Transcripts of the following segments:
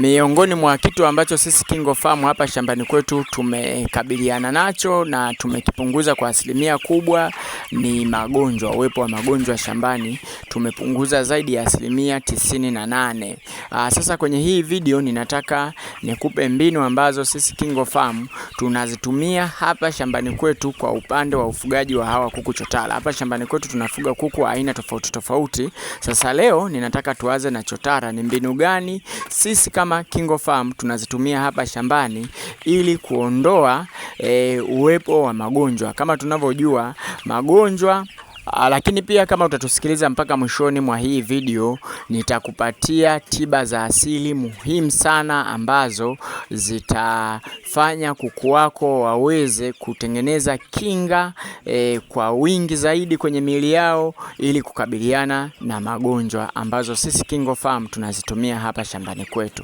Miongoni mwa kitu ambacho sisi Farm hapa shambani kwetu tumekabiliana nacho na tumekipunguza kwa asilimia kubwa ni magonjwa. Uwepo wa magonjwa shambani tumepunguza zaidi ya asilimia tisini na nane. Aa, ah, sasa kwenye hii video ninataka nikupe mbinu ambazo sisi Farm tunazitumia hapa shambani kwetu kwa upande wa ufugaji wa hawa kuku chotara. Hapa shambani kwetu tunafuga kuku aina tofauti tofauti. Sasa leo ninataka tuanze na chotara. Ni mbinu gani sisi kama kama KingoFarm tunazitumia hapa shambani ili kuondoa e, uwepo wa magonjwa. Kama tunavyojua magonjwa Ah, lakini pia kama utatusikiliza mpaka mwishoni mwa hii video, nitakupatia tiba za asili muhimu sana ambazo zitafanya kuku wako waweze kutengeneza kinga e, kwa wingi zaidi kwenye miili yao ili kukabiliana na magonjwa ambazo sisi KingoFarm tunazitumia hapa shambani kwetu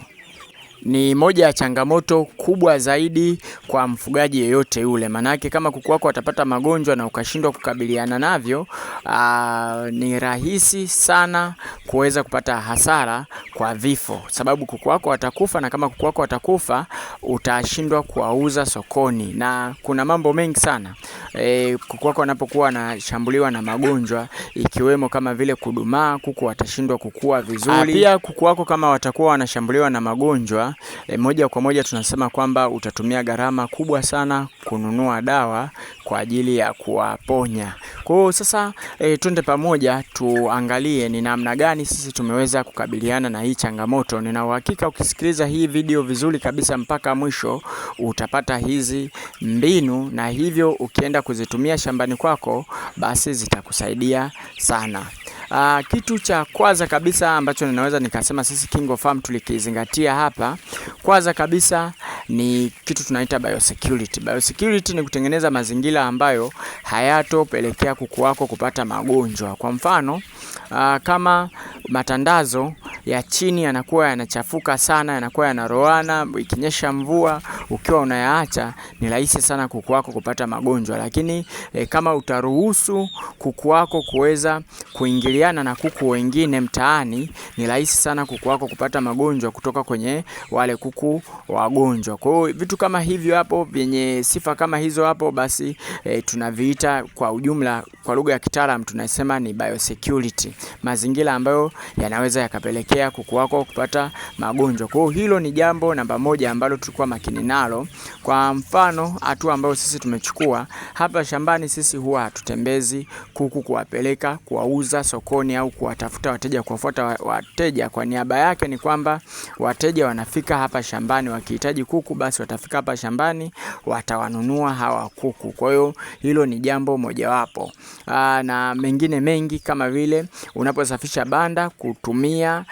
ni moja ya changamoto kubwa zaidi kwa mfugaji yeyote yule, maanake kama kuku wako watapata magonjwa na ukashindwa kukabiliana navyo, aa, ni rahisi sana kuweza kupata hasara kwa vifo, sababu kuku wako watakufa, na kama kuku wako watakufa utashindwa kuwauza sokoni, na kuna mambo mengi sana e, kuku wako wanapokuwa wanashambuliwa na magonjwa ikiwemo kama vile kudumaa, kuku watashindwa kukua vizuri. Ah, pia kuku wako kama watakuwa wanashambuliwa na magonjwa e, moja kwa moja tunasema kwamba utatumia gharama kubwa sana kununua dawa kwa ajili ya kuwaponya. Kwa hiyo sasa e, twende pamoja tuangalie ni namna gani sisi tumeweza kukabiliana na hii changamoto. Nina uhakika ukisikiliza hii video vizuri kabisa mpaka mwisho utapata hizi mbinu, na hivyo ukienda kuzitumia shambani kwako basi zitakusaidia sana. Uh, kitu cha kwanza kabisa ambacho ninaweza nikasema sisi Farm tulikizingatia hapa, kwanza kabisa ni kitu tunaita biosecurity. Biosecurity ni kutengeneza mazingira ambayo hayatopelekea kuku wako kupata magonjwa. Kwa mfano uh, kama matandazo ya chini yanakuwa yanachafuka sana, yanakuwa yanaroana. Ikinyesha mvua ukiwa unayaacha, ni rahisi sana kuku wako kupata magonjwa. Lakini e, kama utaruhusu kuku wako kuweza kuingiliana na kuku wengine mtaani, ni rahisi sana kuku wako kupata magonjwa kutoka kwenye wale kuku wagonjwa. Kwa hiyo vitu kama hivyo hapo vyenye sifa kama hizo hapo basi e, tunaviita kwa ujumla, kwa lugha ya kitaalamu tunasema ni biosecurity, mazingira ambayo yanaweza yakapelekea kupelekea kuku wako kupata magonjwa. Kwa hiyo hilo ni jambo namba moja ambalo tulikuwa makini nalo. Kwa mfano, hatua ambayo sisi tumechukua hapa shambani, sisi huwa hatutembezi kuku kuwapeleka kuwauza sokoni au kuwatafuta wateja, kuwafuata wateja. Kwa niaba yake ni kwamba wateja wanafika hapa shambani, wakihitaji kuku basi watafika hapa shambani, watawanunua hawa kuku. Kwa hiyo hilo ni jambo mojawapo, na mengine mengi kama vile unaposafisha banda kutumia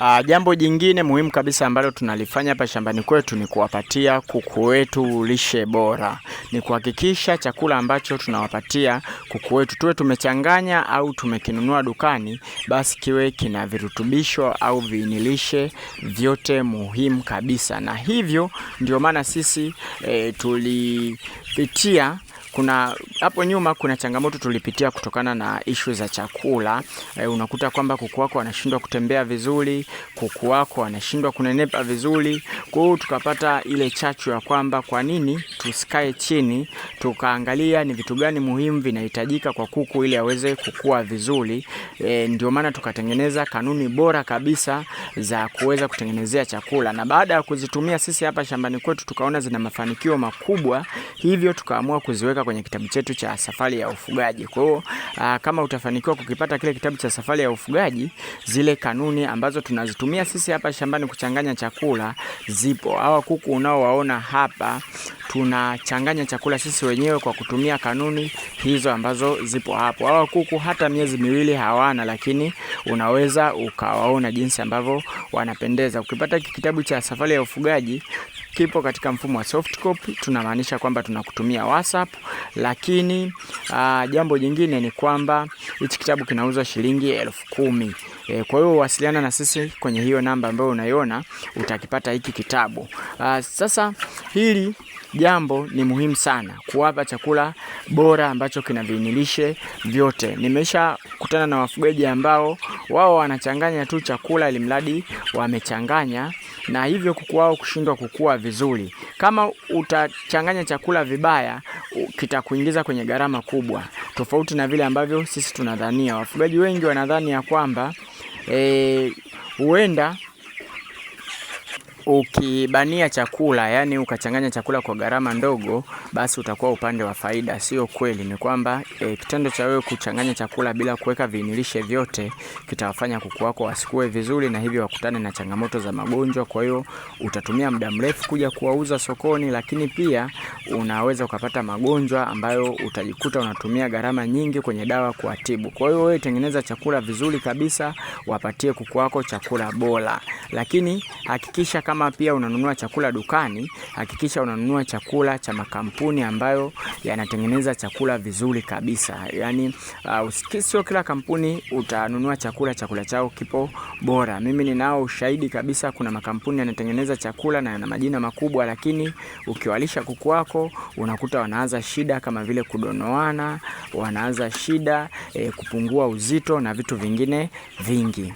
Uh, jambo jingine muhimu kabisa ambalo tunalifanya hapa shambani kwetu ni kuwapatia kuku wetu lishe bora. Ni kuhakikisha chakula ambacho tunawapatia kuku wetu tuwe tumechanganya au tumekinunua dukani, basi kiwe kina virutubisho au viinilishe vyote muhimu kabisa, na hivyo ndio maana sisi e, tulipitia kuna hapo nyuma kuna changamoto tulipitia kutokana na ishu za chakula e, unakuta kwamba kuku wako wanashindwa kutembea vizuri, kuku wako wanashindwa kunenepa vizuri. Kwa hiyo tukapata ile chachu ya kwamba kwa nini tusikae chini tukaangalia ni vitu gani muhimu vinahitajika kwa kuku ili aweze kukua vizuri. E, ndio maana tukatengeneza kanuni bora kabisa za kuweza kutengenezea chakula, na baada ya kuzitumia sisi hapa shambani kwetu tukaona zina mafanikio makubwa, hivyo tukaamua kuziweka tumekiweka kwenye kitabu chetu cha safari ya ufugaji. Kwa hiyo ah, kama utafanikiwa kukipata kile kitabu cha safari ya ufugaji, zile kanuni ambazo tunazitumia sisi hapa shambani kuchanganya chakula zipo. Hawa kuku unaowaona hapa tunachanganya chakula sisi wenyewe kwa kutumia kanuni hizo ambazo zipo hapo. Hawa kuku hata miezi miwili hawana, lakini unaweza ukawaona jinsi ambavyo wanapendeza. Ukipata kitabu cha safari ya ufugaji kipo katika mfumo wa soft copy, tunamaanisha kwamba tunakutumia WhatsApp, lakini uh, jambo jingine ni kwamba hichi kitabu kinauzwa shilingi elfu kumi. E, kwa hiyo wasiliana na sisi kwenye hiyo namba ambayo unaiona utakipata hiki kitabu. Uh, sasa hili jambo ni muhimu sana kuwapa chakula bora ambacho kina viinilishe vyote. Nimesha kutana na wafugaji ambao wao wanachanganya tu chakula, ilimradi wamechanganya na hivyo kuku wao kushindwa kukua vizuri. Kama utachanganya chakula vibaya, kitakuingiza kwenye gharama kubwa, tofauti na vile ambavyo sisi tunadhania. Wafugaji wengi wanadhani ya kwamba eh, huenda e, ukibania chakula, yani ukachanganya chakula kwa gharama ndogo, basi utakuwa upande wa faida. Sio kweli, ni kwamba e, kitendo cha wewe kuchanganya chakula bila kuweka viinilishe vyote kitawafanya kuku wako wasikue vizuri, na hivyo wakutane na changamoto za magonjwa. Kwa hiyo utatumia muda mrefu kuja kuwauza sokoni, lakini pia unaweza ukapata magonjwa ambayo utajikuta unatumia gharama nyingi kwenye dawa kuwatibu. Kwa hiyo wewe tengeneza chakula vizuri kabisa, wapatie kuku wako chakula bora, lakini hakikisha kama kama pia unanunua chakula dukani, hakikisha unanunua chakula cha makampuni ambayo yanatengeneza chakula vizuri kabisa. Yani uh, sio kila kampuni utanunua chakula, chakula chao kipo bora. Mimi ninao ushahidi kabisa, kuna makampuni yanatengeneza chakula na yana majina makubwa, lakini ukiwalisha kuku wako unakuta wanaanza shida kama vile kudonoana, wanaanza shida eh, kupungua uzito na vitu vingine vingi.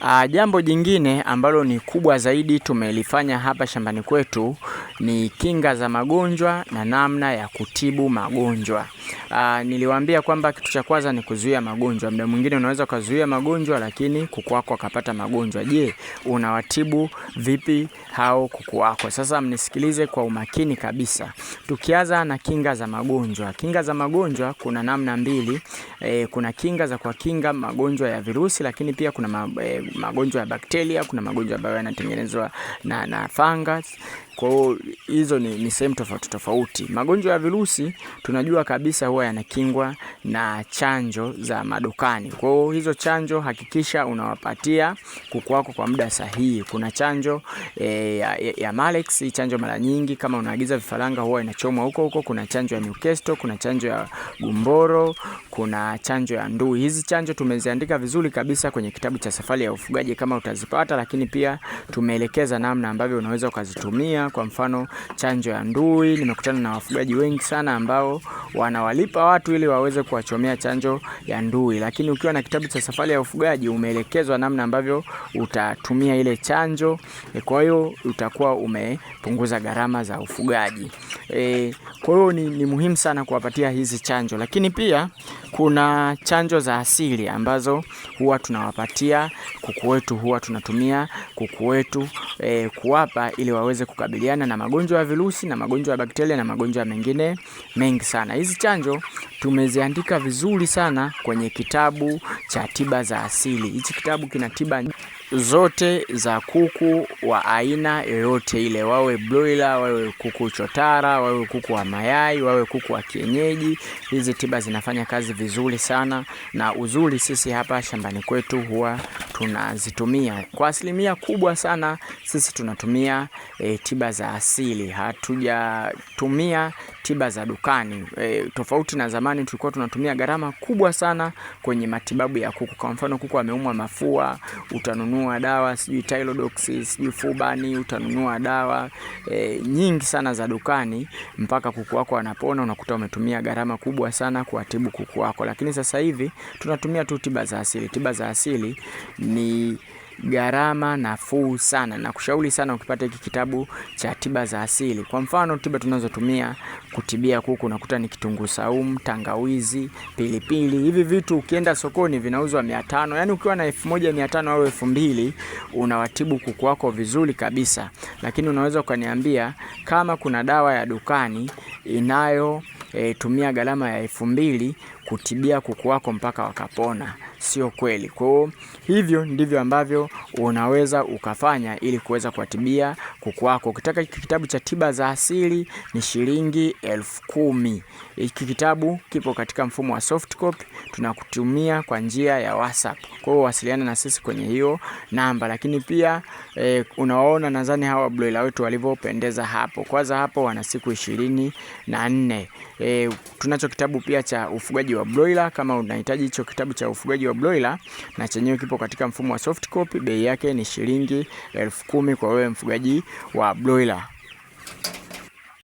Ah, jambo jingine ambalo ni kubwa zaidi tumelifanya hapa shambani kwetu ni kinga za magonjwa na namna ya kutibu magonjwa. Aa, ah, niliwaambia kwamba kitu cha kwanza ni kuzuia magonjwa. mda mwingine unaweza ukazuia magonjwa lakini kuku wako akapata magonjwa. Je, unawatibu vipi hao kuku wako? Sasa mnisikilize kwa umakini kabisa. Tukianza na kinga za magonjwa. Kinga za magonjwa kuna namna mbili. E, kuna kinga za kuwakinga magonjwa ya virusi lakini pia kuna eh, magonjwa ya bakteria, kuna magonjwa ambayo yanatengenezwa na, na fungus. Kwa hiyo hizo ni, ni sehemu tofauti tofauti. Magonjwa ya virusi tunajua kabisa huwa yanakingwa na chanjo za madukani. Kwa hiyo hizo chanjo hakikisha unawapatia kuku wako kwa muda sahihi. Kuna chanjo e, ya, ya Malex, chanjo mara nyingi kama unaagiza vifaranga huwa inachomwa huko huko. Kuna chanjo ya Newcastle, kuna chanjo ya Gumboro, kuna chanjo ya ndui. Hizi chanjo tumeziandika vizuri kabisa kwenye kitabu cha Safari ya Ufugaji kama utazipata, lakini pia tumeelekeza namna ambavyo unaweza ukazitumia kwa mfano mfano chanjo ya ndui. Nimekutana na wafugaji wengi sana ambao wanawalipa watu ili waweze kuwachomea chanjo ya ndui, lakini ukiwa na kitabu cha Safari ya Ufugaji umeelekezwa namna ambavyo utatumia ile chanjo. E, kwa hiyo utakuwa umepunguza gharama za ufugaji. E, kwa hiyo ni, ni muhimu sana kuwapatia hizi chanjo, lakini pia kuna chanjo za asili ambazo huwa tunawapatia kuku wetu, huwa tunatumia kuku wetu e, kuwapa ili waweze kukabiliana na magonjwa ya virusi na magonjwa ya bakteria na magonjwa mengine mengi sana. Hizi chanjo tumeziandika vizuri sana kwenye kitabu cha tiba za asili. Hichi kitabu kina tiba zote za kuku wa aina yoyote ile, wawe broiler, wawe kuku chotara, wawe kuku wa mayai, wawe kuku wa kienyeji. Hizi tiba zinafanya kazi vizuri sana, na uzuri sisi hapa shambani kwetu huwa tunazitumia kwa asilimia kubwa sana. Sisi tunatumia e, tiba za asili, hatujatumia tiba za dukani e, tofauti na zamani tulikuwa tunatumia gharama kubwa sana kwenye matibabu ya kuku. Kwa mfano kuku ameumwa mafua, utanunua utanunua dawa sijui Tylodox sijui Fubani, utanunua dawa e, nyingi sana za dukani mpaka kuku wako wanapona, unakuta umetumia gharama kubwa sana kuwatibu kuku wako. Lakini sasa hivi tunatumia tu tiba za asili. Tiba za asili ni gharama nafuu sana. Nakushauri sana ukipata hiki kitabu cha tiba za asili. Kwa mfano, tiba tunazotumia kutibia kuku unakuta ni kitunguu saumu, tangawizi, pilipili. Hivi vitu ukienda sokoni vinauzwa mia tano, yaani ukiwa na elfu moja mia tano au elfu mbili unawatibu kuku wako vizuri kabisa. Lakini unaweza ukaniambia kama kuna dawa ya dukani inayo e, tumia gharama ya elfu mbili kutibia kuku wako mpaka wakapona, sio kweli. Kwa hiyo hivyo ndivyo ambavyo unaweza ukafanya ili kuweza kuwatibia kuku wako. Ukitaka kitabu cha tiba za asili ni shilingi elfu kumi. Hiki kitabu kipo katika mfumo wa soft copy, tunakutumia kwa njia ya WhatsApp. Kwa hiyo wasiliana na sisi kwenye hiyo namba, lakini pia e, eh, unaona nadhani hawa broiler wetu walivyopendeza hapo. Kwanza hapo wana siku ishirini na nne. E, tunacho kitabu pia cha ufugaji ufugaji wa broiler. Kama unahitaji hicho kitabu cha ufugaji wa broiler, na chenyewe kipo katika mfumo wa soft copy, bei yake ni shilingi elfu kumi kwa wewe mfugaji wa broiler.